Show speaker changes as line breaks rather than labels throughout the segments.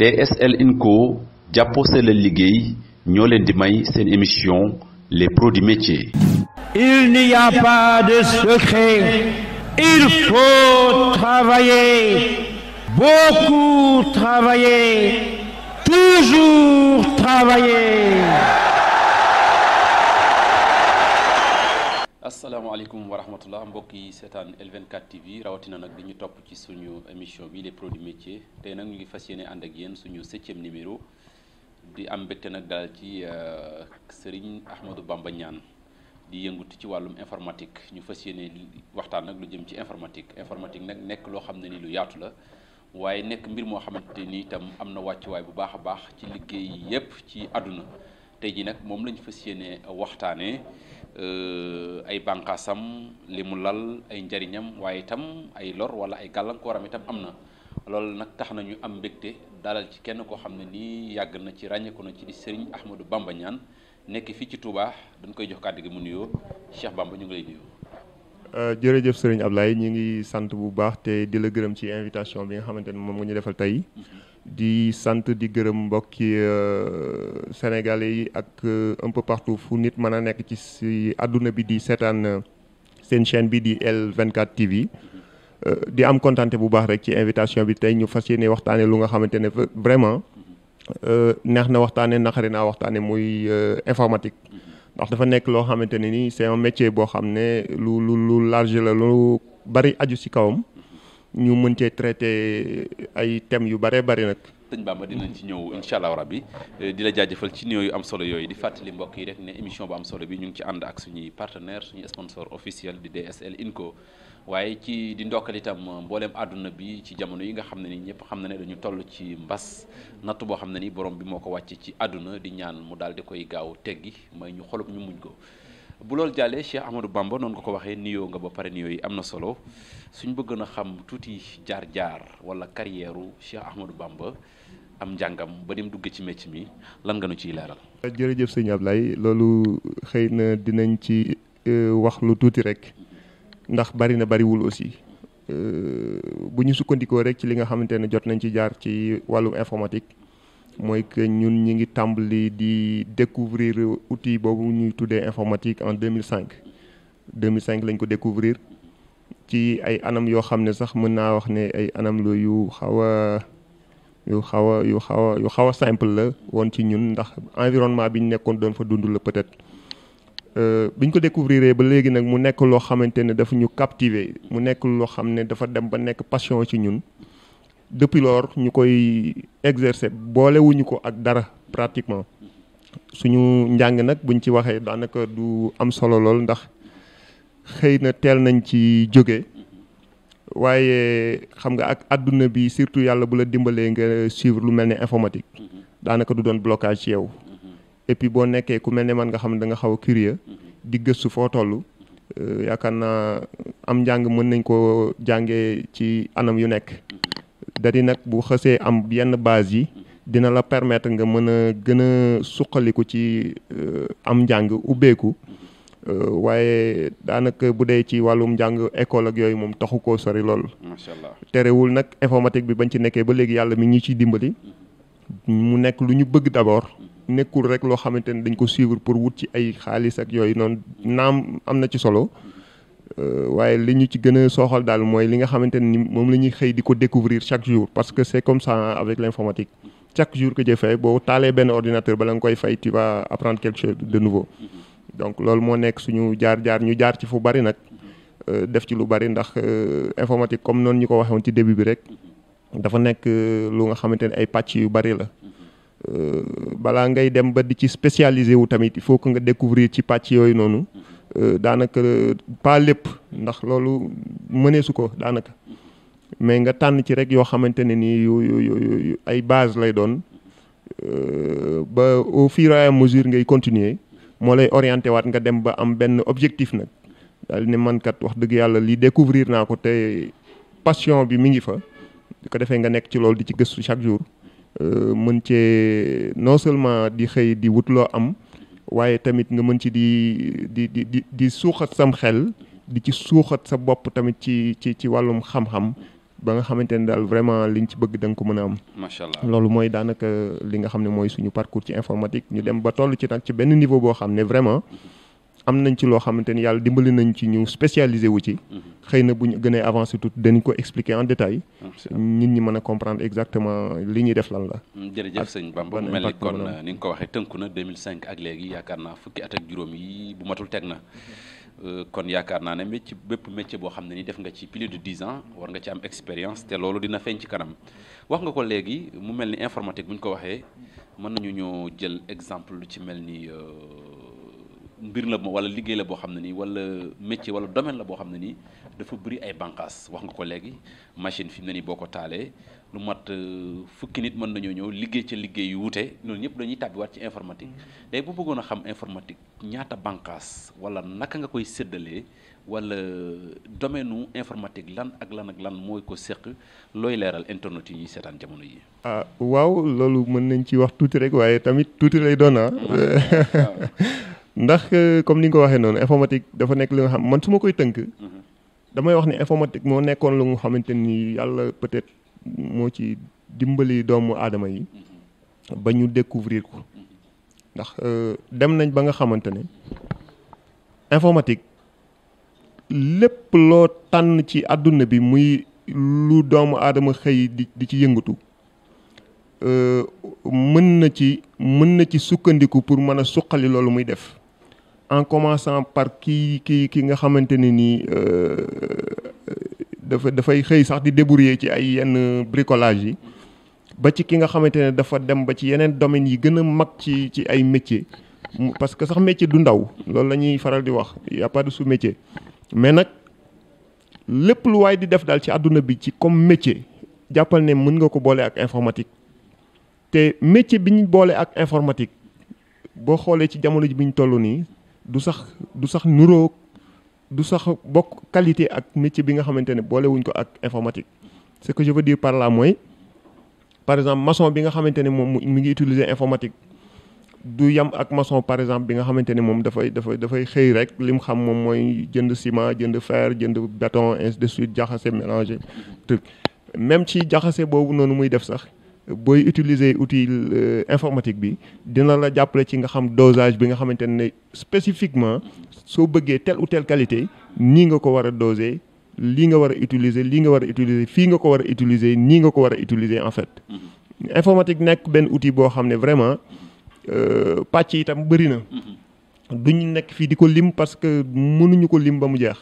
DSL Inco jàppoo la liggéey ñoo leen di may seen émission les pros du métier.
Il n'y a pas de secret.
Il faut travailler. Beaucoup travailler. Toujours travailler. asalaamaaleykum wa rahmatullah mbokk yi seetaan L24 TV rawatina nag di ñu topp ci suñu émission bi les produits métiers tey nag ñu ngi fas yéene ànd ak yéen suñu septième numéro di am mbégte nag daal ci euh, Serigne Ahmadou Bamba Niane di yëngutu ci wàllum informatique ñu fas yéene waxtaan nag lu jëm ci informatique informatique nag nekk loo xam ne ni lu yaatu la waaye nekk mbir moo xamante ni itam am na wàccuwaay bu baax a baax ci liggéey yépp ci àdduna tey ji nag moom lañu fas yéene waxtaanee. ay bànqaasam li mu lal ay njariñam waaye itam ay lor wala ay gàllankooram itam am na loolu nag tax nañu am mbégte dalal ci kenn koo xam ne nii yàgg na ci ràññeeku na ci di Serigne Ahmadou Bamba Niane nekk fii ci Touba dañ koy jox kàddu gi mu nuyoo Cheikh Bamba ñu ngi lay nuyu.
Euh, jërëjëf Serigne Ablaye ñu ngi sant bu baax te di la gërëm ci invitation bi nga xamante ne moom nga ñu defal tey. Mhm. di sant di gërëm mbokki euh, sénégalais yi ak euh, un peu partout fu nit mën a nekk ci si àdduna bi di seetaan euh, seen chaîne bi di L24 TV di am kontante bu baax rek ci invitation bi tey ñu fas yéene waxtaanee lu nga xamante ne vraiment neex na waxtaanee naqari naa waxtaane muy informatique ndax dafa nekk loo xamante ne ni c'est un métier boo xam ne lu lu large la lu bari aju si kawam ñu mën cee traité ay thèmes yu bëree bëri nag.
sëñ Bamba dinañ ci ñëw incha allah bi eh, di la jaajëfal ci nuyoo yu am solo yooyu di fàttali mbokk yi rek ne émission bu am solo bi ñu ngi ci ànd ak suñuy partenaire suñu sponsor officiel di DSL Inco. waaye ci di ndokkal itam mbooleem àdduna bi ci jamono yi nga xam ne ni ñëpp xam na ne dañu toll ci mbas natt boo xam ne ni borom bi moo ko wàcc ci àdduna di ñaan mu daal di koy gaaw teggi may ñu xolub ñu muñ ko. bu loolu jàllee Cheikh Ahmadou Bamba noonu nga ko waxee nuyoo nga ba pare nuyoo yi am na solo suñ bëggoon a xam tuuti jaar-jaar wala carrière u Cheikh Ahmadou Bamba am njàngam ba ni dugg ci métier mi lan nga nu ciy leeral.
jërëjëf sëñ lay loolu xëy na dinañ ci euh, wax lu tuuti rek ndax bari na bariwul aussi euh, bu ñu sukkandikoo rek ci li nga xamante ne jot nañ ci jaar ci wàllum informatique. mooy que ñun ñu ngi tàmbali di découvrir outil boobu ñuy tuddee informatique en deux mille cinq 2005 2005 lañ ko découvrir ci ay anam yoo xam ne sax mën naa wax ne ay anam la yu xaw a yu xaw a yu xaw a yu xaw a simple la woon ci ñun ndax environnement bi ñu nekkoon doon fa dund la peut-être euh, bi ñu ko découvrir ba léegi nag mu nekk loo xamante ne dafa ñu captiver mu nekk loo xam ne dafa dem ba nekk passion ci ñun depuis lool ñu koy exercer boolewuñu ko ak dara pratiquement suñu njàng nag buñ ci waxee daanaka du am solo lool ndax xëy na teel nañ ci jóge waaye xam nga ak àdduna bi surtout yàlla bu la dimbalee nga suivre lu mel ni informatique daanaka du doon blocage ci yow et boo nekkee ku mel ne man nga xam ne danga nga xaw a curieux di gëstu foo toll euh, yaakaar naa am njàng mën nañ koo jàngee ci anam yu nekk dari nag bu xësee am yenn base yi dina la permettre nga mën a gën a suqaliku ci euh, am njàng ubbeeku euh, waaye daanaka bu dee ci wàllum njàng école ak yooyu moom taxu koo sori lool. macha allah terewul nag informatique bi bañ ci nekkee ba léegi yàlla mi ngi ciy dimbali. mu nekk lu ñu bëgg d'abord. nekkul rek loo xamante ne dañ ko suivre pour wut ci ay xaalis ak yooyu noonu naam am na ci solo. Euh, waaye li ñu ci gën a sooxal daal mooy li nga xamante ni moom la ñuy xëy di ko découvrir chaque jour parce que c'est comme ça avec l'informatique chaque jour que j'ai fait boo taalee benn ordinateur bala nga koy fay tu vas apprendre quelque chose de nouveau donc loolu moo nekk suñu jaar-jaar ñu jaar ci fu bari nag euh, def ci lu bari ndax euh, informatique comme noonu ñu ko waxee ci début bi rek dafa nekk lu nga xamante ne ay pàcc yu bari la balaa ngay dem ba di ci spécialisé wu tamit il faut nga découvrir ci pàcc yooyu noonu Euh, daanaka euh, pas lépp ndax loolu mënee su ko daanaka mais nga tànn ci rek yoo xamante ne nii yu yu ay base lay doon euh, ba au fur ngay continuer moo lay orienté waat nga dem ba am benn objectif nag daal ne man kat wax dëgg yàlla lii découvrir naa ko te passion bi mu ngi fa ko defee nga nekk ci loolu di ci gëstu chaque jour mën cee non seulement di xëy di wut loo am waaye tamit nga mën ci di di di di di suuxat sam xel di ci suuxat sa bopp tamit ci ci ci wàllum xam-xam ba nga xamante ne daal vraiment liñ ci bëgg danga ko mën a am. macha allah loolu mooy daanaka li nga xam ne mooy suñu parcours ci informatique ñu dem ba toll ci nag ci benn niveau boo xam ne vraiment. am nañ ci loo xam xamante ni yàlla dimbali nañ ci ñu spécialisé wu ci. Mhm. xëy na bu ñu gënee avancé tout dañ ko expliquer en détail. nit ñi mën a comprendre exactement li ñuy def lan la.
Mm, jël sëñ Bamba mu mel ni kon ni nga ko waxee tënku na 2005 ak léegi yaakaar naa fukki at ak juróom yi bu matul teg na. Mhm. Euh, kon yaakaar naa ne métier bépp métier boo xam ne ni def nga ci plus de dix ans war nga ci am expérience te loolu dina feeñ ci kanam wax nga ko léegi mu mel ni informatique bu ñu ko waxee mën nañu ñoo jël exemple lu ci mel ni. Euh, mbir la wala liggéey la boo xam ne nii wala métier wala domaine la boo xam ne nii dafa bëri ay bànqaas wax nga ko léegi machine fi mu ne nii boo ko taalee lu mat euh, fukki nit mën nañoo ñëw liggéey ci liggéey yu wuute noonu ñëpp dañuy waat ci informatique mm. léegi bu bëggoon a xam informatique ñaata bànqaas wala naka nga koy séddalee wala domaine u informatique lan ak lan ak lan mooy ko séq looy leeral internet yi ñuy seetaan jamono yi.
ah waaw loolu mën nañ ci wax tuuti rek waaye tamit tuuti lay doon ah. Ah, ndax euh, comme li nga ko waxee noonu informatique dafa nekk li nga xam man su ma koy tënk. Mhm. damay wax ni informatique moo nekkoon lu nga xamante nii yàlla peut-être moo ci dimbali doomu aadama yi. Mhm. ba ñu découvrir ko. Mhm. ndax euh, dem nañ ba nga xamante ne informatique lépp loo tànn ci àdduna bi muy lu doomu aadama xëy di di ci yëngatu. Euh, mën na ci mën na ci sukkandiku pour mën a suqali loolu muy def en commençant par kii kii ki nga xamante ne nii euh, dafa dafay xëy sax di débrouiller ci ay yenn bricolage yi ba ci ki nga xamante ne dafa dem ba ci yeneen domaines yi gën a mag ci ci ay métiers parce que sax métier du ndaw loolu la ñuy faral di wax y su pas de métier mais nag lépp lu waaye di def daal ci àdduna bi ci comme métier jàppal ne mën nga ko boole ak informatique te métier bi ñu boole ak informatique boo xoolee ci jamono ji bi ñu toll nii du sax du sax nuroog du sax bokk qualité ak métier bi nga xamante ne boolewuñ ko ak informatique ce que je veux dire par là mooy par exemple mason bi nga xamante ne moom mu ngi utiliser informatique du yam ak mason par exemple bi nga xamante ne moom dafay dafay dafay xëy rek li mu xam moom mooy jënd ciment jënd fer jënd béton ainsi de suite jaxase mélanger truc même ci jaxasee boobu noonu muy def sax booy utiliser outil euh, informatique bi dina la jàppale ci nga xam dosage bi nga xamante ne spécifiquement soo bëggee tel ou qualité nii nga ko war a doser lii nga war a utiliser lii nga war a utiliser fii nga ko war a utiliser nii nga ko war a utiliser en fait. Mm-hmm. informatique nekk benn outil boo xam ne vraiment euh, pàcc tam bëri na.
Mm-hmm.
duñu nekk fii di ko lim parce que mënuñu ko lim ba mu jeex.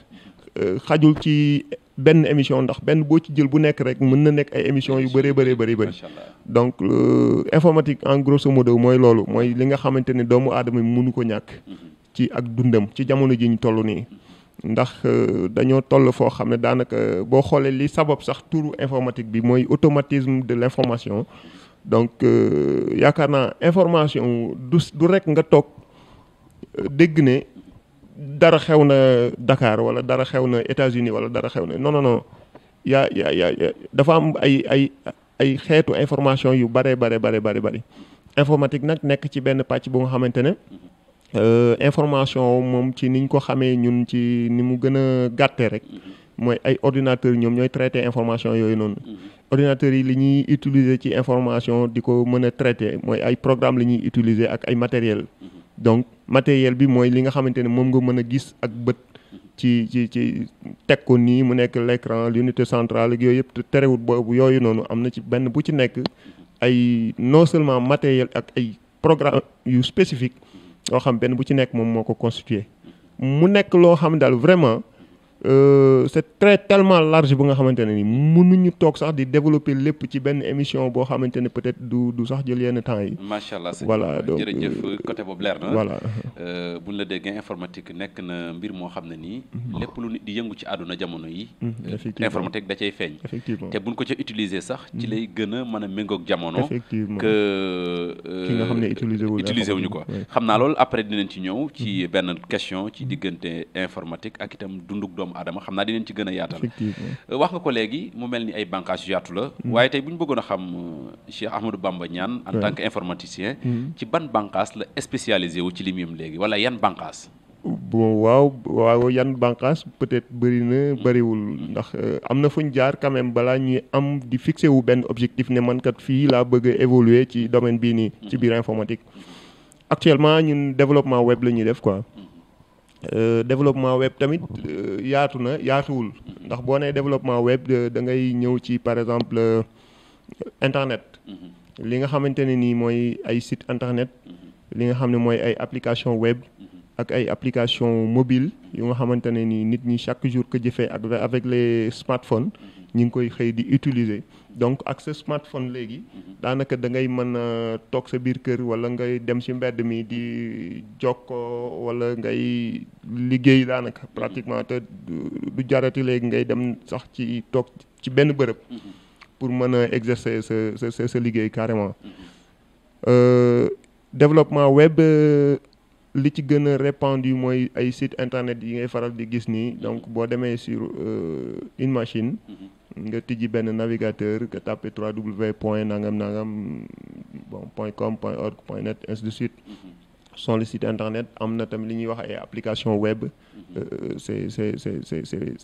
Euh, xajul ci benn émission ndax benn boo ci jël bu nekk rek mën na nekk ay émission yu bëree bëree bëri bëri donc euh, informatique en grosso mooy loolu mooy li nga xamante ni doomu aadama bi mënu ko ñàkk mhm. ci ak dundam ci jamono ji ñu toll nii ndax euh, dañoo toll foo xam ne daanaka euh, boo xoolee li sabab sax turu informatique bi mooy automatisme de l'information donc yaakaar naa information du du rek nga toog dégg ne dara xew na Dakar wala dara xew na États-Unis wala dara xew na non non non yaa yaa yaa dafa am ay ay ay xeetu information yu bare bare bare bare bëri informatique nag nekk ci benn pàcc bu nga xamante ne euh, information moom ci niñ ko xamee ñun ci ni mu gën a gàtte rek mooy ay ordinateurs ñoom ñooy traité information yooyu noonu ordinateurs yi li ñuy utiliser ci information di ko mën a traité mooy ay programme li ñuy utiliser ak ay matériel donc matériel bi mooy li nga xamante ne moom nga mën a gis ak bët ci ci ci teg ko nii mu nekk l'écran l'unité centrale ak yooyu yëpp terewut boobu yooyu noonu am na ci benn bu ci nekk ay non seulement matériel ak ay programme yu spécifique yoo xam benn bu ci nekk moom moo ko constitué mu nekk loo xam daal vraiment Euh, c'est très tellement large bu nga xamante ne ni ñu toog sax di développer lépp ci benn émission boo xamante ne peut-être du du sax jël yenn temps yi. macha euh,
boobu leer na. Euh, bu ñu la déggee informatique nekk na mbir moo xam ne nii. Mhm. lépp lu nit di yëngu ci àdduna jamono yi. Mhm, informatique da cay feeñ. effectivement te ko ca utiliser sax. ci mhm. lay gën a mën a méngoog jamono. effectivement que ki nga xam ne utiliser wuñu utiliser wuñu ko xam naa loolu après dinañ ci ñëw ci mm-hmm. benn question ci diggante informatique ak itam dunduk doomu aadama xam naa dinañ ci gën a yaatal euh, wax nga ko léegi mu mel ni ay bànqaas yu yaatu la mm-hmm. waaye tey bu ñu bëggoon a xam euh, Cheikh Ahmadou Bamba Niane en tant que informaticien mm-hmm. ci ban bànqaas la spécialisé wu ci li léegi wala yan bànqaas
bon waaw waaw yan bànqaas peut-être bëri hmm. bëriwul ndax euh, am na fu ñu jaar quand balaa ñuy am di fixé wu benn objectif ne man kat fii laa bëgg a évoluer ci domaine bii nii ci biir informatique actuellement ñun développement web la ñuy def quoi euh, développement web tamit euh, yaatu na yaatuwul ndax boo nee développement web da ngay ñëw ci par exemple internet hmm. li nga xamante ni nii mooy ay site internet hmm. li nga xam ne mooy ay application web ak ay application mobile yu nga xamante ne ni nit ñi chaque jour que jëfee ak avec les smartphones ñi ngi koy xëy di utiliser donc ak sa smartphone léegi daanaka da ngay mën a toog sa biir kër wala ngay dem si mbedd mi di jokkoo wala ngay liggéey daanaka pratiquement te du jarati léegi ngay dem sax ci toog ci benn bërëb pour mën a exercer sa sa sa liggéey carrément euh, développement web li ci gën a répandu mooy ay site internet yi ngay faral di gis nii mm-hmm. donc boo demee sur euh, une machine mm-hmm. nga tijji benn navigateur nga tapé 3w point nangam nangam bon point com point org point net ainsi de suite mm-hmm. sont les sites internet am na tamit li ñuy wax ay application web euh, c'est c'est c'est c'est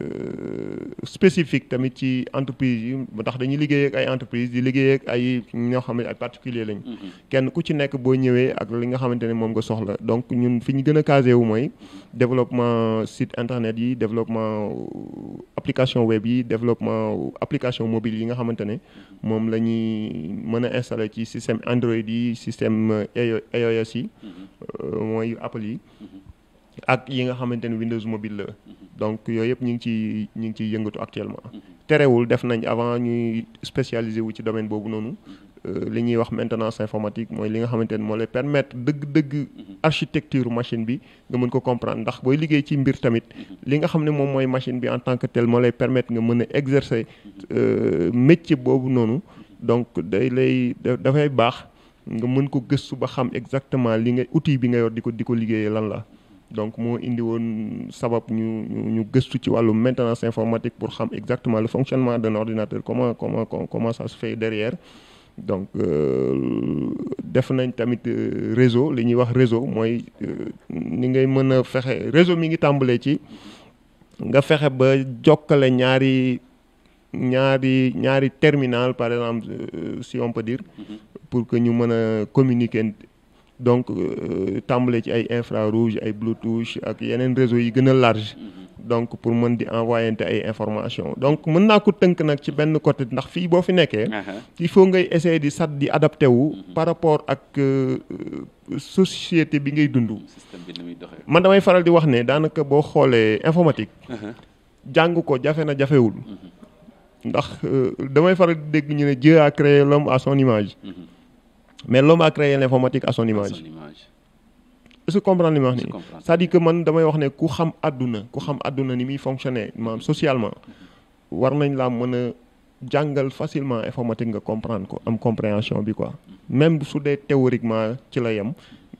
Euh, spécifique tamit ci entreprise yi ndax dañuy liggéey ak ay entreprise di liggéey ay ñoo xam ne ay particulier lañ. Mm-hmm. kenn ku ci nekk boo ñëwee ak li nga xamante ne moom nga soxla donc ñun fi ñu gën a casé wu mooy développement site internet yi développement application web yi développement application mobile yi nga xamante ne moom la ñuy mën a installé ci système Android yi système iOS yi mm-hmm. euh, mooy Apple yi mm-hmm. ak yi nga xamante ni Windows mobile la donc yooyu yëpp ñu ngi ciy ñu ngi ciy yëngatu actuellement terewul def nañ avant ñuy spécialisé wu ci domaine boobu noonu euh, li ñuy wax maintenance informatique mooy li nga xamante ni moo lay permettre dëgg-dëgg architecture machine bi nga mën ko comprendre booy liggéey ci mbir tamit li nga xam ne moom mooy machine bi en tant que tel moo lay permettre nga mën a exercer euh, métier boobu noonu donc day lay dafay baax nga mën ko gëstu ba xam exactement li nga outil bi nga yor di ko di ko liggéeyee lan la donc moo indi woon sabab ñu ñu gëstu ci wàllu maintenance informatique pour xam exactement le fonctionnement d'un ordinateur comment comment comment ça se fait derrière donc euh, def nañ tamit euh, réseau li ñuy wax réseau mooy euh, ni ngay mën a fexe réseau mi ngi tàmbalee ci nga fexe ba jokkale ñaari ñaari ñaari terminal par exemple si on peut dire mm-hmm. pour que ñu mën a communiquer donc euh, tàmbale ci ay infrarouge ay bluetooth ak yeneen réseau yi gën a large donc pour mën di envoyante ay information donc mën naa ko tënk nag ci benn côté ndax fii boo fi nekkee fii faut ngay essayer di sat di adapté wu mhm. par rapport ak euh, euh, société bi ngay dund man damay faral di wax ne daanaka boo xoolee informatique jàng ko jafe na jafewul mhm. ndax damay faral di dégg ñu ne Dieu a créé l'homme à son image mhm. mais l'homme a créé l'informatique à son image. À son image. est-ce que nii c'est-à-dire man damay wax ne ku xam àdduna ku xam àdduna ni muy fonctionner maanaam socialement war nañ laa mën a jàngal facilement informatique nga comprendre ko am compréhension bi quoi même su dee théoriquement ci la yem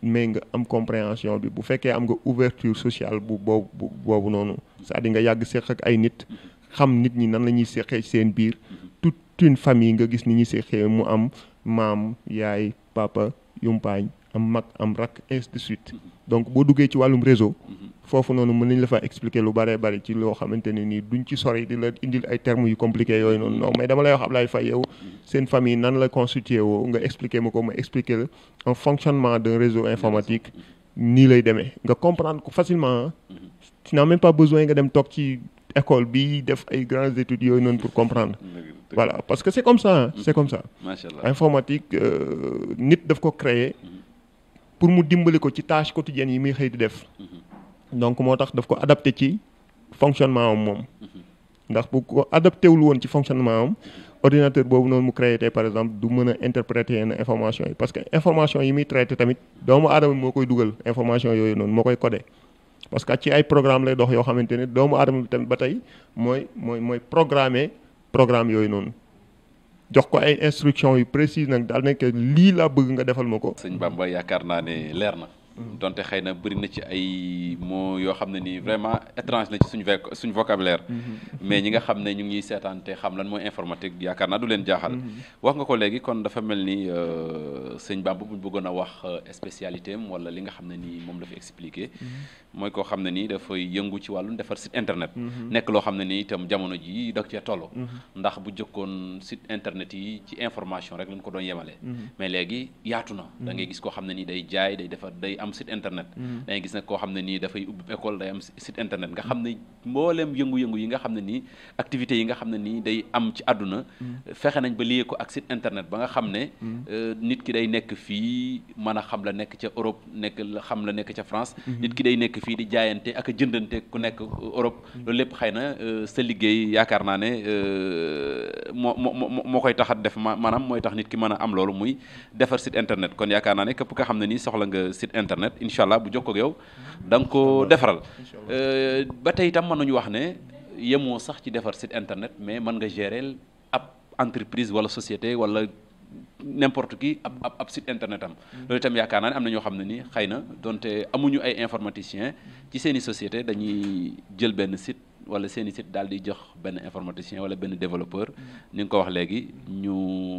mais nga am compréhension bi bu fekkee am nga ouverture sociale bu boobu boobu noonu cest à nga yàgg séq ak ay nit xam nit ñi nan la ñuy séqee seen biir toute une famille nga gis ni ñuy séqee mu am maam yaay papa yumpaañ am mag am rak ainsi de suite donc boo duggee ci wàllum réseau foofu noonu mën nañ la fa expliquer lu bëree bëri ci loo xamante ne nii duñ ci sori di la indil ay termes yu compliqué yooyu noonu non mais dama lay wax Ablaye Faye yow seen famille nan la constitué woo nga expliquer ma ko ma expliquer la fonctionnement d'un réseau informatique nii lay demee nga comprendre ko facilement tu n'as pas besoin nga dem toog ci école bi def ay grandes études yooyu noonu pour comprendre. voilà parce que c' est comme ça c' est comme ça. macha informatique euh, nit daf ko créer mhm. pour mu dimbali ko ci tâche quotidienne yi muy xëy di def. Mhm. donc moo tax daf ko adapté ci fonctionnement am moom. Mhm. ndax bu ko adapté wul woon ci fonctionnement am ordinateur boobu noonu mu créé tey par exemple du mën a interpréter yenn information yi parce que information yi muy traité tamit doomu aadama moo koy dugal information yooyu noonu moo koy codé. parce que ci ay programme lay dox yoo xamante ne doomu aadama bi tamit ba tey mooy mooy mooy programme programme yooyu noonu jox ko ay instruction yu précise nag daal nekk
lii laa bëgg nga defal ma ko. sëñ Bamba yaakaar naa ne leer na. donte xëy na bëri na ci ay mots yoo xam ne nii vraiment étrange na ci suñu suñu vocabulaire. Mm-hmm. Mm-hmm. mais ñi nga xam ne ñu ngi seetaan te xam lan mooy informatique yaakaar naa du leen jaaxal. Mm-hmm. wax nga ko léegi kon dafa mel ni euh, sëñ Bamba bu bëggoon a wax euh, spécialité am wala li nga xam ne nii moom la fi expliqué. mooy koo xam ne nii dafay yëngu ci wàllu defar site internet. nekk loo xam ne nii itam jamono jii da cee toll. ndax bu jëkkoon site internet yi ci information na. da ngay gis koo ne nii day jaay day defar day am am site internet mm-hmm. da ngay gis nag koo xam ne nii dafay ubbi école day am site internet nga xam ne mbooleem yëngu-yëngu yi nga xam ne nii activités yi nga xam ne nii day am ci àdduna mm-hmm. fexe nañ ba lié ko ak site internet ba nga xam ne mm-hmm. euh, nit ki day nekk fii mën a xam nekk ca Europe nekk la la nekk ca France nit ki day nekk fii di jaayante ak a ku nekk Europe loolu lépp xëy na euh, sa liggéey yaakaar naa ne euh, moo moo moo koy tax a a kon yaakaar naa ne képp nga xam ne nii soxla nga site internet internet incha allah bu jog ko yow danga nga ko defaral euh, ba tey itam mën nañu wax ne yemoo sax ci defar site internet mais man nga gérer ab entreprise wala société wala n'importe qui ab ab ab site internet am hmm. loolu itam yaakaar naa ne am na ñoo xam ne ni xëy na donte amuñu ay informaticien ci seen i société dañuy jël benn site wala seen i site daal di jox benn informaticien wala benn développeur hmm. ni nga ko wax léegi ñu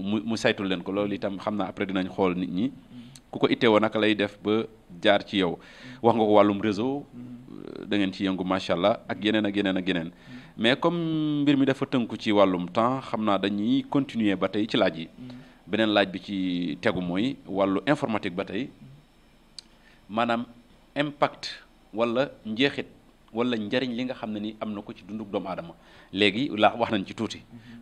mu mu saytul leen ko loolu itam xam naa après dinañ xool nit ñi ku ko itteewoo naka lay def ba jaar ci yow wax nga ko wàllum réseau euh, da ngeen ci yëngu macha allah ak yeneen ak yeneen ak yeneen mais comme mbir mi dafa tënku ci wàllum temps xam naa dañuy continuer ba tey ci laaj yi beneen laaj bi ci tegu mooy wàllu informatique ba tey maanaam impact wala njeexit wala njariñ li nga xam ne ni am na ko ci dunduk doomu aadama léegi laa wax nañ ci tuuti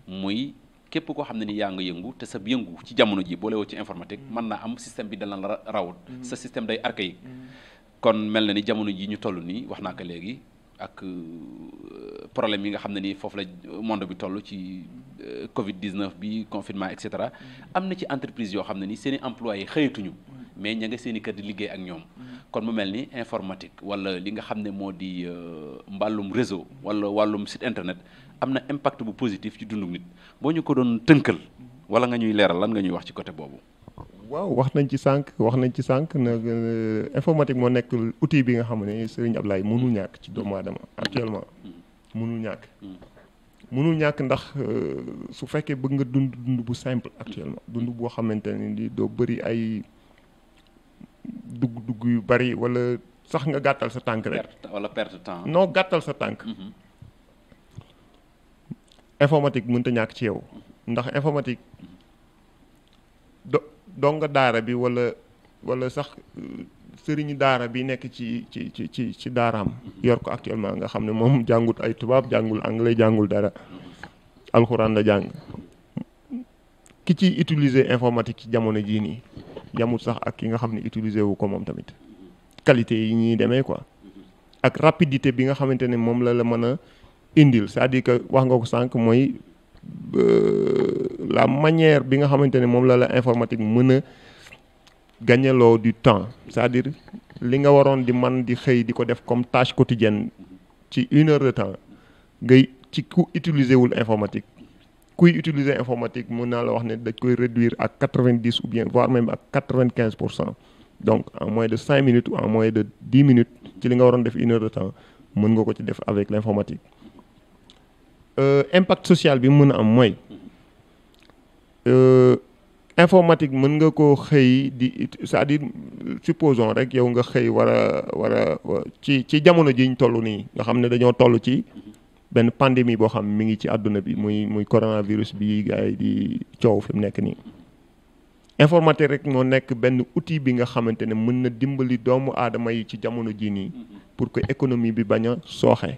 muy képp koo xam ne ni yaa nga yëngu te sa yëngu ci jamono ji boolewoo ci informatique mm. mën naa am système bi dana la rawut mm. sa système day archaïque mm. kon mel na ni jamono ji ñu toll nii wax naa ko léegi ak euh, problème yi nga xam ne ni foofu la monde bi toll ci euh, Covid 19 bi confinement et cetera am na ci entreprise yoo xam ne nii seen i employés xëyatuñu mais ña nga seen i kër di liggéey ak ñoom. kon mu mel ni informatique wala li nga xam ne moo di euh, mbàllum réseau wala wàllum site internet. am na impact bu positif ci dundu nit boo ñu ko doon tënkal wala nga ñuy leeral lan nga ñuy wax ci côté boobu.
waaw wax nañ ci sànq wax nañ ci sànq nag euh, informatique moo nekk uti bi nga xam ne Serigne Ablaye mënul ñàkk ci doomu aadama actuellement hmm. mënul ñàkk. Hmm. mënul ñàkk ndax euh, su fekkee bëgg nga dund dund bu simple actuellement hmm. dund boo xamante ne ni doo bëri ay dugg-dugg yu bëri wala sax nga gàttal sa tànk rek. wala
perte temps. non
gàttal sa tànk. informatique mënut a ñàkk ci yow ndax informatique do donga daara bi walla walla sax euh, sëriñ daara bi nekk ci ci ci ci ci daaraam yor ko actuellement nga xam ne moom jàngut ay tubaab jàngul anglais jàngul dara alxuraan la jàng ki ci utiliser informatique ci jamono jii nii yamut sax ak ki nga xam ne utiliser wu ko moom tamit qualité yi ñuy demee ko ak rapidité bi nga xamante ne moom la la mën a indil c'est-à-dire que wax nga ko sànq mooy euh, la manière bi nga xamante ne moom la la informatique mën a gagneloo du temps c'est-à-dire li nga waroon di man di xëy di ko def comme tâche quotidienne ci une heure de temps ngay ci ku utiliser wul informatique kuy utiliser informatique mën naa la wax ne dañ koy réduire à quatre vingt ou bien voire même à pour cent donc en moins de cinq minutes en moins de dix minutes ci li nga waroon def une heure de temps mën nga ko ci def avec Euh, impact social bi mën a am mooy euh, informatique mën nga koo xëy di c'est-à-dire rek yow nga xëy war a war a ci ci jamono ñu toll nii nga xam ne dañoo toll ci benn pandémie boo xam mi ngi ci àdduna bi muy muy coronavirus bi gars yi di coow fi mu nekk nii. informatique rek moo nekk benn outil bi nga xamante ne mën na dimbali doomu aadama yi ci jamono jii nii pour que économie bi bañ a sooxe.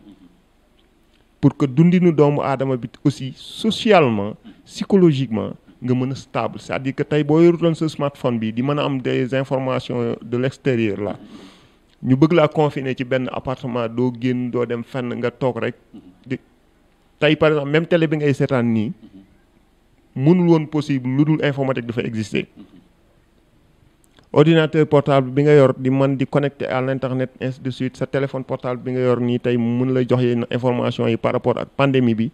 pour que dundi nu doomu aadama bi aussi socialement psychologiquement nga mën a stable c'est-à-dire que tey boo yorutoon sa smartphone bi di mën a am des informations de l'extérieur la ñu bëgg laa confiner ci benn appartement doo génn doo dem fenn nga toog rek di tey par exemple même télé bi ngay seetaan nii mënul woon possible lu dul informatique dafa exister ordinateur portable bi nga yor di man di connecté à l' internet ainsi de suite sa téléphone portable bi nga yor nii tey mun la jox yenn information yi par rapport ak pandémie bi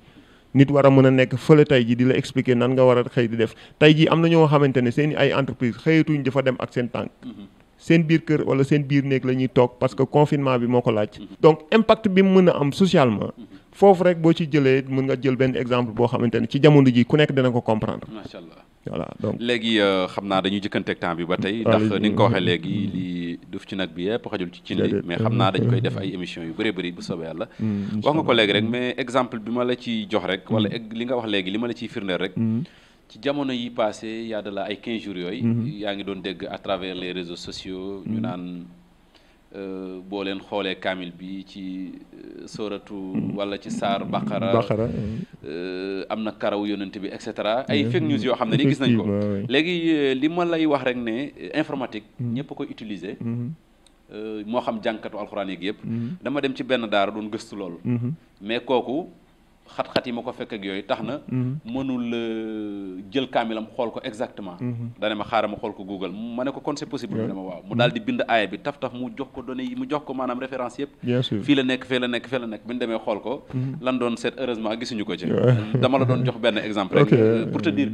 nit war a mën a nekk fële tey ji di la expliquer nan nga war a xëy di def tey ji am na ñoo xamante ne seen i ay entreprise xëyatuñ dafa dem ak seen tànk mhm. seen biir kër wala seen biir néeg la ñuy toog parce que confinement bi moo ko laaj donc impact bi mu mën a am socialement mhm. foofu rek boo ci jëlee mën nga jël benn exemple boo xamante ne ci jamono ji ku nekk dana ko comprendre. macha allah voilà donc.
léegi euh, xam naa dañuy jëkkanteeg temps bi ba tey. Ah, ndax ni nga ko waxee léegi li duuf ci nag bi yëpp xajul ci ci li mais xam naa dañ koy def ay émissions yu bëree bëri bu soobee yàlla. Hmm, wax nga ko léegi rek hmm. mais exemple bi ma la ci jox rek. wala hmm. li nga wax léegi li ma la ciy firndeel rek. ci jamono yi passé yaa da la ay 15 jours yooyu. yaa ngi doon dégg à travers les réseaux sociaux. ñu naan euh, boo xoolee kaamil bi ci sóoratu mm. wala ci saar baqara baqara eh. euh, am na karaw yonent bi et cetera eh, ay fake news yoo xam ne ni gis nañ ko léegi euh, li ma lay wax rek ne euh, informatique mm. ñëpp ko utiliser mm-hmm. moo xam jànkatu alxuraan yi yëpp mm-hmm. dama dem ci benn daara doon gëstu lool mm-hmm. mais kooku xat-xat yi ma ko fekk ak yooyu tax na mhm. mënul euh, jël kaamilam xool ko exactement mhm. dane ma xaaral ma xool ko Google ma ne ko kon possible mu ne waaw mu daal di bind aaya bi taf taf mu jox ko données yi mu jox ko maanaam référence yëpp fii la nekk fii la nekk fii la nekk bi ñu demee xool ko mhm. lan doon seet heureusement gisuñu ko ci dama la doon jox benn exemple rek euh, pour te dire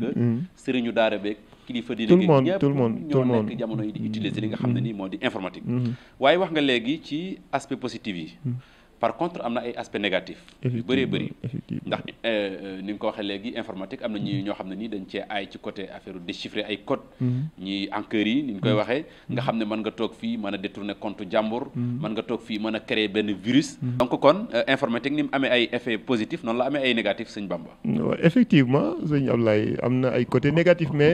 ñëpp ñoo nekk jamono yi di utiliser li nga xam ne nii moo di informatique waaye par contre am na ay aspect négatif yu bëree bëri ndax euh, euh, ni nga ko waxee léegi informatique am na ñi ñoo xam ne nii dañ cee ay ci côté affaire déchiffrer ay code mm-hmm. ñi encœurs yi ni ñu koy mm-hmm. waxee mm-hmm. nga xam ne mën nga toog fii mën a détourner compte jàmbur mën nga toog fii mën a créer benn virus donc kon euh, informatique ni mu amee ay effet positif noonu la amee ay négatif sëñ Bamba
effectivement sëñ Ablaye am na ay côté négatif mais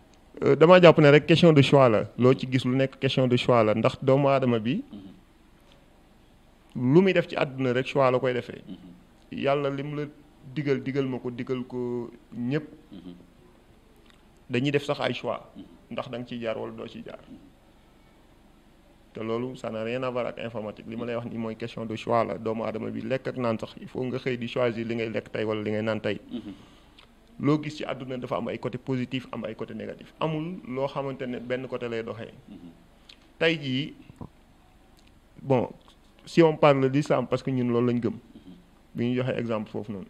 damaa jàpp ne rek question de choix loo ci gis lu nekk question de choix ndax doomu aadama bi lu muy def ci àdduna rek choix la koy defee yàlla li mu la digal digal ma ko digal ko ñëpp dañuy def sax ay choix ndax da ci jaar wala doo ci jaar te loolu ça n'a rien à voir ak informatique li ma lay wax ni mooy question de choix la doomu aadama bi lekk ak naan sax il nga xëy di choisir li ngay lekk tey wala li ngay naan tey loo gis ci àdduna dafa am ay côté positif am ay côté négatif amul loo xamante ne benn côté lay doxee tey jii bon si on parle d'islam parce que ñun loolu lañ gëm bi ñu joxee exemple foofu noonu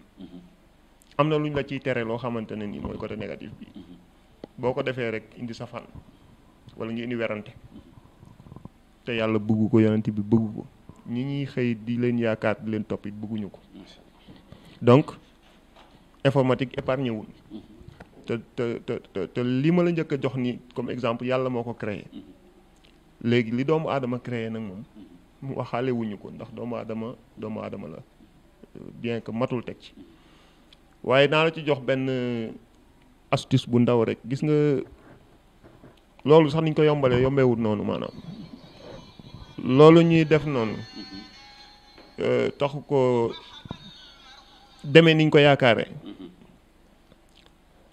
am na lu ñu la ciy tere loo xamante ne nii mooy côté négatif bi boo ko defee rek indi sa safaan wala ñu indi werante te yàlla bëggu ko yonent bi bëggu ko ñi ñuy xëy di leen yaakaar di leen topp it bëgguñu ko donc informatique épargne wul te te te li ma la njëkk a jox nii comme exemple yàlla moo ko créé léegi li doomu aadama créé nag moom waxaale wuñu ko ndax doomu adama doomu adama la bien que matul teg ci waaye naa la ci jox benn euh, astuce bu ndaw rek gis nga loolu sax niñ ko yombalee yombeewut noonu maanaam loolu ñuy def noonu euh, taxu ko demee niñ ko yaakaare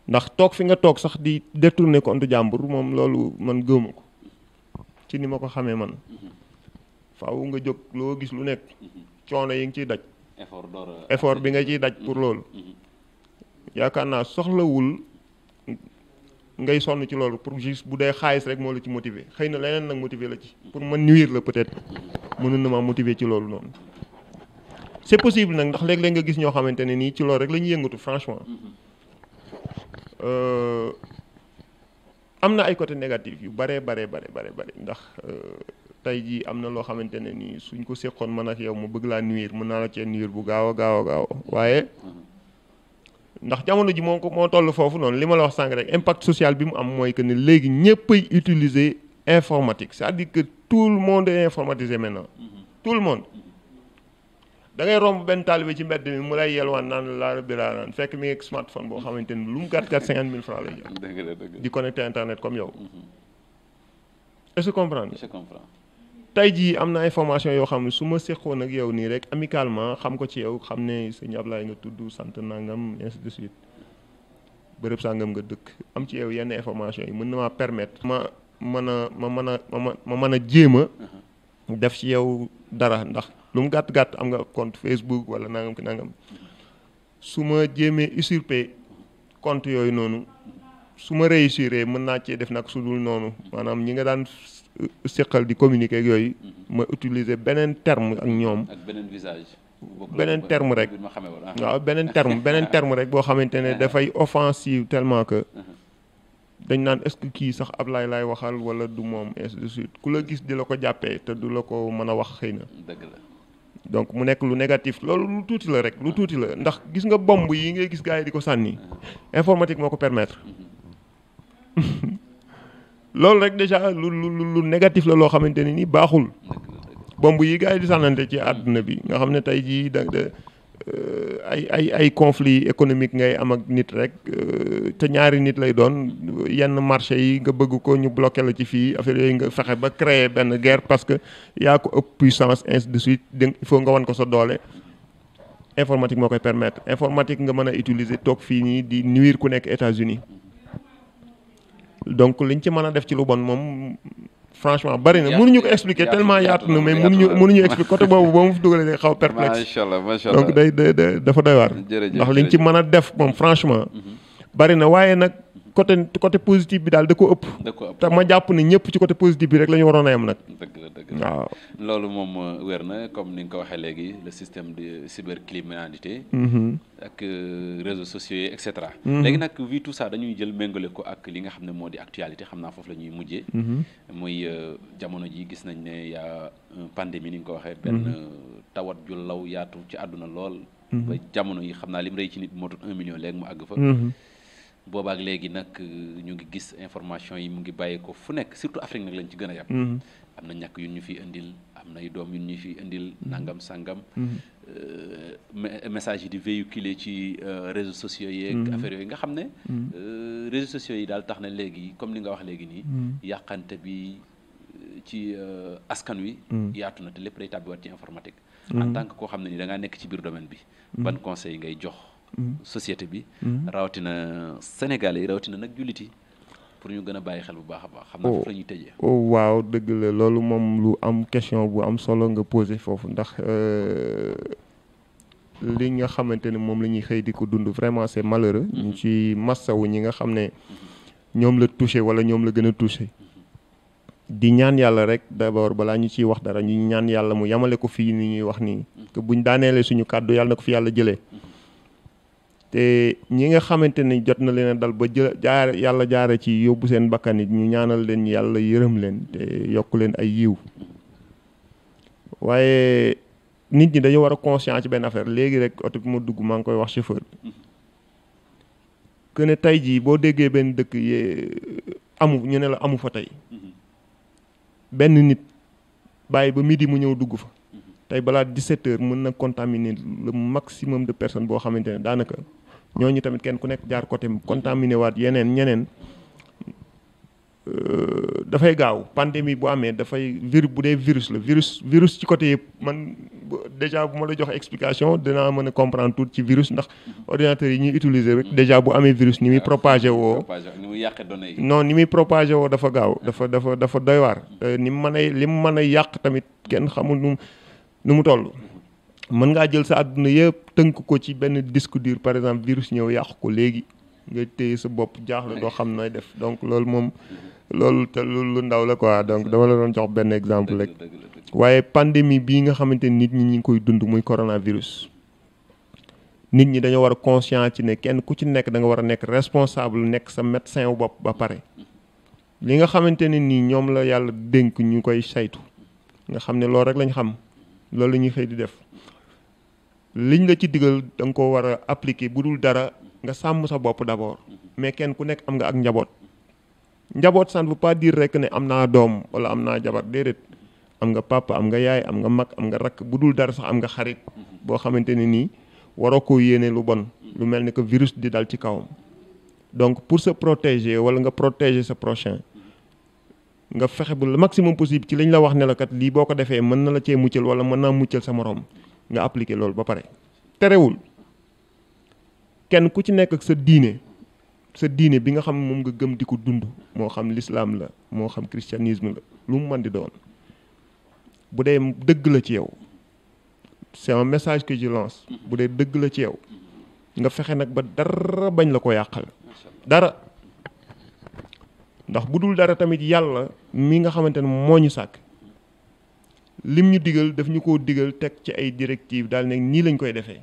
ndax toog fi nga toog sax di détourner compte jàmbur moom loolu man gëmu ko ci ni ma ko xamee man faaw nga jóg loo gis lu nekk mhm. coono yi nga ciy daj effort bi nga ciy daj pour mhm. loolu mhm. yaakaar naa soxlawul ngay sonn ci loolu pour juste bu dee xaalis rek moo la ci motiver xëy na leneen nag motiver la ci pour man nuire la peut-être mënoon na maa motiver ci loolu noonu c'est possible nag ndax léeg-léeg nga gis ñoo xamante ne nii ci loolu rek la ñuy yëngatu franchement euh, am na ay côté négatif yu bare bare bare bare bare ndax euh, tey jii am na loo xamante ne nii suñ ko seqoon man ak yow mu bëgg laa nuire mën naa cee nuire bu gaaw a gaaw gaaw waaye ndax jamono ji moo ko moo toll foofu noonu li ma la wax sànq rek social bi mu am mooy que ne léegi ñëppay utiliser informatique c'est-à-dire tout le monde est informatisé maintenant tout le monde da ngay romb benn taalibe ci mbedd mi mu lay yelwaan naan laa rabbi laa naan fekk mi ngi smartphone boo xamante ni lu mu gàtt gàtt cinquante mille francs lay jël di connecté internet comme yow mhm. tey jii am na information yoo xam ne su ma seqoon ak yow nii rek amicalement xam ko ci yow xam ne sëñ Ablaye nga tudd sant nangam ainsi de suite bërëb sàngam nga dëkk am ci yow yenn information yi mën na maa permettre ma mën a ma mën a ma mën a jéem a
uh-huh.
def ci yow dara ndax lu mu gàtt-gàtt am nga compte Facebook wala nangam ki nangam su ma jéemee usurper compte yooyu noonu su ma réussir mën naa cee def nag su dul noonu maanaam ñi nga daan seqal di communiquer yooyu. ma utiliser beneen terme ak ñoom.
beneen visage. beneen terme rek ah. waaw beneen terme beneen terme rek boo xamante ne uh-huh. dafay
offensive tellement que. Uh-huh. dañ naan est kii sax ab Ablaye lay waxal wala du moom ainsi de suite ku la gis di la ko jàppee te du la ko mën a wax xëy na. dëgg donc mu nekk lu négatif loolu lu tuuti la rek lu uh-huh. tuuti la ndax gis nga bomb yi ngay gis gars di ko sànni informatique moo ko permettre. loolu rek déjà lu lu lu négatif la loo xamante ne ni baaxul bomb yi gars yi di sànnante ci àdduna bi nga xam ne tey jii da euh, ay ay ay conflit économique ngay am ak nit rek euh, te ñaari nit lay doon yenn marché yi nga bëgg ko ñu bloqué la ci fii affaire yooyu nga fexe ba créer benn guerre parce que yaa ko ëpp puissance ainsi de suite il faut nga wan ko sa doole informatique moo koy permettre informatique nga mën a utiliser toog fii nii di nuire ku nekk état unis donc ñu ci mën a def ci lu bon moom franchement bari na mënuñu ko expliquer tellement yaatu na mais mënuñu mënuñu expliquer côté boobu boo ma fi dugalee xaw perplexe. macha allah macha allah donc day day dafa doy waar. ndax ñu ci mën a def moom franchement. Mhm. bari na waaye nag. côté côté positif bi daal da ko ëpp. da ko ëpp te ma jàpp ne ñëpp ci côté positif bi rek la waroon a yem nag. dëgg
loolu moom uh, wér na comme ni nga ko waxee léegi le système de cybercriminalité. Mm-hmm. ak uh, réseaux sociaux yi et cetera. Mm-hmm. léegi nag vu tout ça dañuy jël méngale ko ak li nga xam ne moo di actualité xam naa foofu la ñuy mujjee. Mm-hmm. muy uh, jamono ji gis nañ ne yaa pandémie ni nga ko waxee. benn ju law yaatu ci àdduna lool. ba jamono yi xam naa lim rey ci nit moo tut un million léegi mu àgg fa. boobaak léegi nag euh, ñu ngi gis information yi mu ngi bàyyi ko fu nekk surtout Afrique nag lañ ci gën a yàpp mm-hmm. am na ñàkk yu ñu fi indil am nay doom yu ñu fi indil mm-hmm. nangam sangam. Mm-hmm. Euh, message yi di véhiculer ci euh, réseaux sociaux yeeg affaire yooyu nga xam ne réseaux sociaux yi daal tax na léegi comme li nga wax léegi nii yàqante bi ci askan wi yaatu na te lépp day tàbbiwaat ci informatique en tant que koo xam ne ni da nekk ci biir domaine bi ban conseil ngay jox société bi. Mm-hmm. rawatina Sénégal yi rawatina nag jullit pour ñu gën a bàyyi xel bu baax a baax. xam naa oh. foofu la tëje tëjee. Oh,
waaw dëgg la loolu moom lu am question bu am solo nga posé foofu ndax euh, li nga xamante ne moom la ñuy xëy di ko dund vraiment c'est malheureux. Mm-hmm. ñu ci massawu ñi nga xam ne mm-hmm. ñoom la touché wala ñoom la gën a touché. di ñaan yàlla rek d'abord balaa ñu ciy wax dara ñu ñaan yàlla mu yamale ko fii ni ñuy wax nii. que buñ daaneelee suñu kàddu yàlla na ko fi yàlla jëlee. te ñi nga xamante ni jot na leen dal ba jë jaar yàlla jaare ci yóbbu seen bakkan it ñu ñaanal leen yàlla yërëm leen te yokk leen ay yiw waaye nit ñi dañu war a conscient ci benn affaire léegi rek oto bi ma dugg maa ngi koy wax chauffeur bi que ne tey jii boo déggee benn dëkk yee amu ñu ne la amu fa tey benn nit bàyyi ba midi mu ñëw dugg fa tey balaa 17 heures mën na contaminer le maximum de personnes boo xamante ne daanaka ñooñu tamit kenn ku nekk jaar côté contaminé waat yeneen ñeneen euh, dafay gaaw pandémie bu amee dafay vir bu dee virus la virus virus ci côté yëpp man déjà bu ma la jox explication dinaa mën a comprendre tout ci virus ndax ordinateur yi ñuy utiliser rek déjà bu amee virus ni muy ah, propagé woo non ni muy propagé woo dafa gaaw dafa dafa dafa doy waar mm. euh, ni mu mën a li mu mën a yàq tamit kenn xamul nu nu mu toll mën ngaa jël sa àdduna yëpp tënk ko ci benn disque dur par exemple virus ñëw yàqu ko léegi nga téye sa bopp jaaxle doo xam nooy def donc loolu moom loolu te lu ndaw la quoi donc dama la doon jox benn exemple rek waaye pandémie bi nga xamante ni nit ñi ñu ngi koy dund muy coronavirus nit ñi dañoo war a conscient ci ne kenn ku ci nekk da nga war a nekk responsable nekk sa médecin wu bopp ba pare li nga xamante ne nii ñoom la yàlla dénk ñu koy saytu nga xam ne loolu rek lañ xam loolu la ñuy xëy di def liñ la ci digal da nga koo war a appliquer bu dul dara nga sàmm sa bopp d'abord mais kenn ku nekk am nga ak njaboot njaboot ça ne veut pas dire rek ne am naa doom wala am naa jabar déedéet am nga papa am nga yaay am nga mag am nga rakk bu dul dara sax am nga xarit boo xamante ni nii waroo ko yéene lu bon lu mel ni que virus di dal ci kawam donc pour sa protéger wala nga protéger sa prochain nga fexe bu le maximum possible ci liñ la wax ne la lii boo ko defee mën na la cee muccal wala mën naa muccal sa morom nga appliquer loolu ba pare terewul kenn ku ci nekk ak sa diine sa diine bi nga xam moom nga gëm di ko dund moo xam lislaam la moo xam christianisme la lu mu mën di doon bu dee dëgg la ci yow c'est message que je lance bu dee dëgg la ci yow nga fexe nag ba dara bañ la ko yàqal dara ndax bu dul dara tamit yàlla mi nga xamante ne moo ñu sàkk lim ñu digal daf ñu koo digal teg ci ay directives daal ne nii lañ koy defee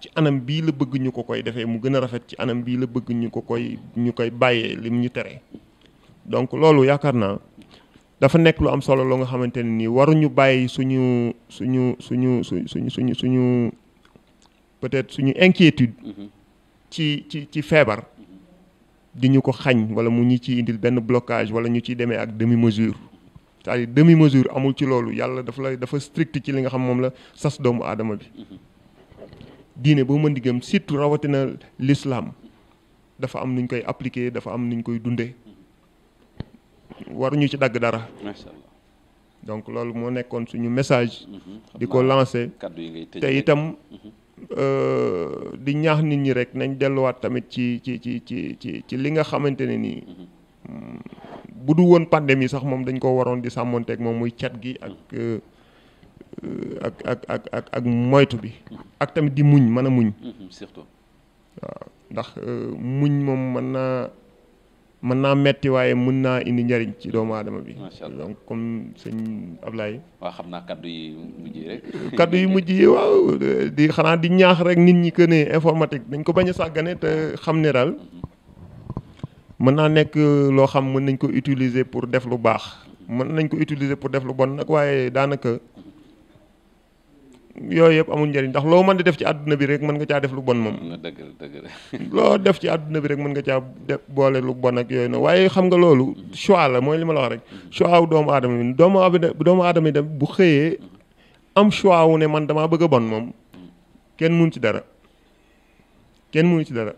ci anam bii la bëgg ñu ko koy defee mu gën a rafet ci anam bii la bëgg ñu ko koy ñu koy bàyyee lim ñu tere donc loolu yaakaar naa dafa nekk lu am solo loo nga xamante ne nii waruñu bàyyi suñu suñu suñu suñu suñu suñu peut-être suñu inquiétude. Mm-hmm. ci ci ci feebar. di ñu ko xañ wala mu ñu ci indil benn blocage wala ñu ciy demee ak demi mesure. ay demi mesure amul ci loolu yàlla dafa lay dafa strict ci li nga xam moom la sas doomu aadama bi diine boo mën di gëm surtout rawatina lislaam dafa am nuñ koy appliquer dafa am nuñ koy dundee waruñu ci dagg dara. donc loolu moo nekkoon suñu message. Mhm. di ko lancé kaddu te itam. Mhm. Euh, di ñaax nit ñi rek nañ delluwaat tamit ci ci ci ci ci ci li nga xamante ne nii. Mhm. Hmm. bu du woon pandémie sax moom dañ koo waroon di sàmmonteeg moom muy cat gi euh, ak ak ak ak ak moytu bi ak tamit di muñ man a muñ
mm-hmm, surtout
waaw ndax euh, muñ moom mën naa mën naa metti waaye mën naa indi njariñ ci doomu aadama bi macha allah donc comme sëñ Ablaye
waaw xam naa kaddu yi mujj yi
waaw di xanaa di ñaax rek nit ñi que ne informatique dañ ko bañ a sàggane te xam ne daal mm-hmm. mën naa nekk loo xam mën nañ ko utiliser pour def lu baax mën nañ ko utiliser pour def lu bon nag waaye daanaka yooyu yëpp amul njëriñ ndax loo mën di def ci àdduna bi rek mën nga caa def lu bon moom.
dëgg
def ci àdduna bi rek mën nga caa def boole lu bon ak yooyu noonu waaye xam nga loolu choix la mooy li ma la wax rek. choix wu doomu aadama bi doomu doomu aadama yi bu xëyee am choix wu ne man damaa bëgg a bon moom kenn mënu ci dara kenn mënu si dara.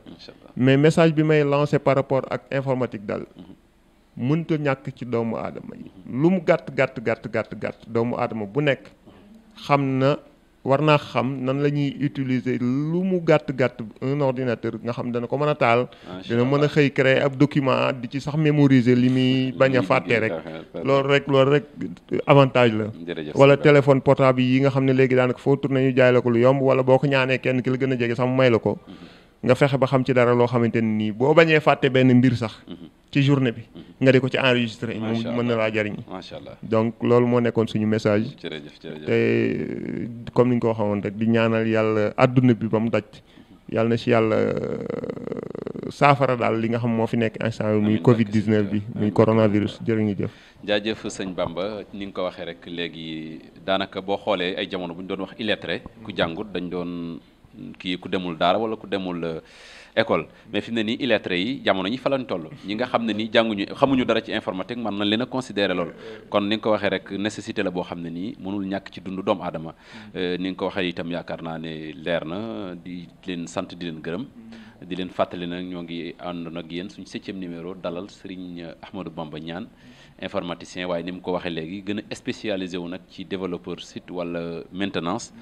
mais message bi may lancé par rapport ak informatique daal mënta mhm. ñàkk ci doomu aadama yi lu mu gàtt gàtt gàtt gàtt gàtt doomu aadama bu nekk xam na war naa xam nan la ñuy utiliser lu mu gàtt gàtt un ordinateur nga xam dana ko mën a taal. dina mën a xëy créer ab document di ci sax mémoriser li muy bañ a fàtte rek. loolu rek loolu rek avantage la. wala téléphone portable yi nga xam ne léegi daanaka foo tourné ñu jaay la ko lu yomb wala boo ko ñaanee kenn ki la gën a jege sax mu may la ko. Mhm. nga fexe ba xam ci dara loo xamante ne nii boo bañee fàtte benn mbir sax mhm. ci journée bi mhm. nga di ko ci enregistré mu mën na laa jariñ macha allah donc loolu moo nekkoon suñu message jërëjëf te comme ni ñu ko waxoon rek di ñaanal yàlla adduna bi ba mu daj yàlla na si yàlla euh, saafara daal li nga xam moo fi nekk instant bi muy covid 19 bi muy coronavirus jërë ngi jëf
jaajëf sëñ Bamba ni nga ko waxee rek léegi daanaka boo xoolee ay jamono bu doon wax illettré ku jàngut dañ doon kii ku demul daara wala ku demul euh, école mais fi mu ne nii illettré yi jamono ñi fa lañ toll ñi nga xam ne nii jànguñu xamuñu dara ci informatique man na leen a considéré lool kon ni nga ko waxee rek nécessité la boo xam ne nii mënul ñàkk ci dundu doomu aadama euh, ni nga ko waxee itam yaakaar naa ne leer na di leen sant di leen gërëm di leen fàttali nag ñoo ngi ànd nag yéen suñu septième numéro dalal Serigne Ahmadou Bamba ñaan informaticien waaye ni mu ko waxee léegi gën a spécialisé wu nag ci développeur site wala maintenance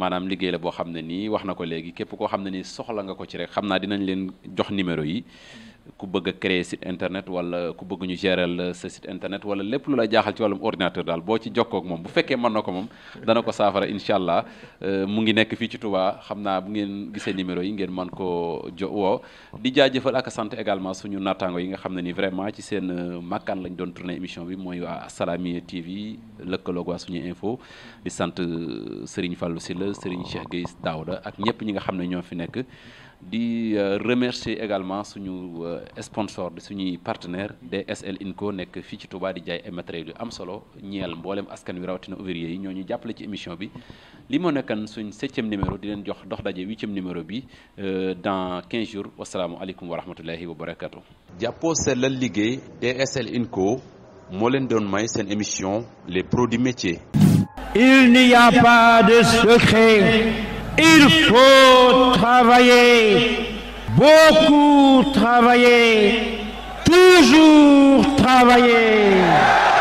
maanaam liggéey la boo xam ne nii wax na ko léegi képp koo xam ne nii soxla nga ko ci rek xam naa dinañ leen jox numéro yi ku bëgg a créer site internet wala ku bëgg ñu gérer sa site internet wala lépp lu la jaaxal ci wàllum ordinateur daal boo ci jokkoo moom bu fekkee mën na ko moom dana ko saafara incha allah euh, mu ngi nekk fii ci Touba xam naa bu ngeen gisee numéro yi ngeen man koo jo woo di jaajëfal ak sant également suñu naataango yi nga xam ne ni vraiment ci seen euh, makkan lañ doon tourné émission bi mooy waa Assalaamy TV lëkkaloog waa suñu info di sant euh, Serigne Fallou Sylla Serigne Cheikh Gueye Daouda ak ñëpp ñi nga xam ne ñoo fi nekk di euh, remercier également suñu euh, sponsor di suñuy partenaire DSL Inco nekk fii ci Touba di jaay ay matériels yu am solo ñeel mboolem askan wi rawatina ouvrier yi ñoo ñu jàppale ci émission bi li moo nekkan suñ septième numéro di leen jox dox daje huitième numéro bi euh, dans quinze jours wasalaamualeykum wa rahmatullahi wa barakatu jàppoo sellal liggéey DSL Inco moo leen doon may seen émission les produits métiers.
il n'y a pas de secret. Il faut travailler,
beaucoup travailler, toujours travailler.